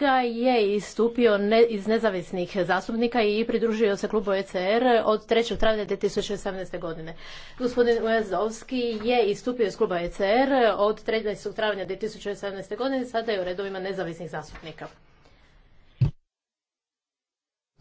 Hrvatska je istupio iz nezavisnih zastupnika i pridružio se klubu ECR od 3. travnja 2018. godine. Gospodin Ujazovski je istupio iz kluba ECR od 13. travnja 2018. godine, sada je u redovima nezavisnih zastupnika.